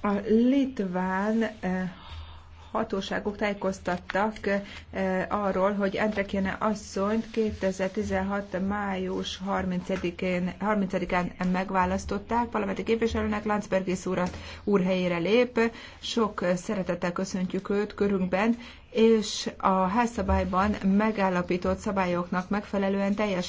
A litván eh, hatóságok tájékoztattak eh, arról, hogy Andrekéne asszonyt 2016. május 30-án, 30 megválasztották, parlamenti képviselőnek Landsbergis úrat úrhelyére lép. Sok szeretettel köszöntjük őt körünkben, és a házszabályban megállapított szabályoknak megfelelően teljes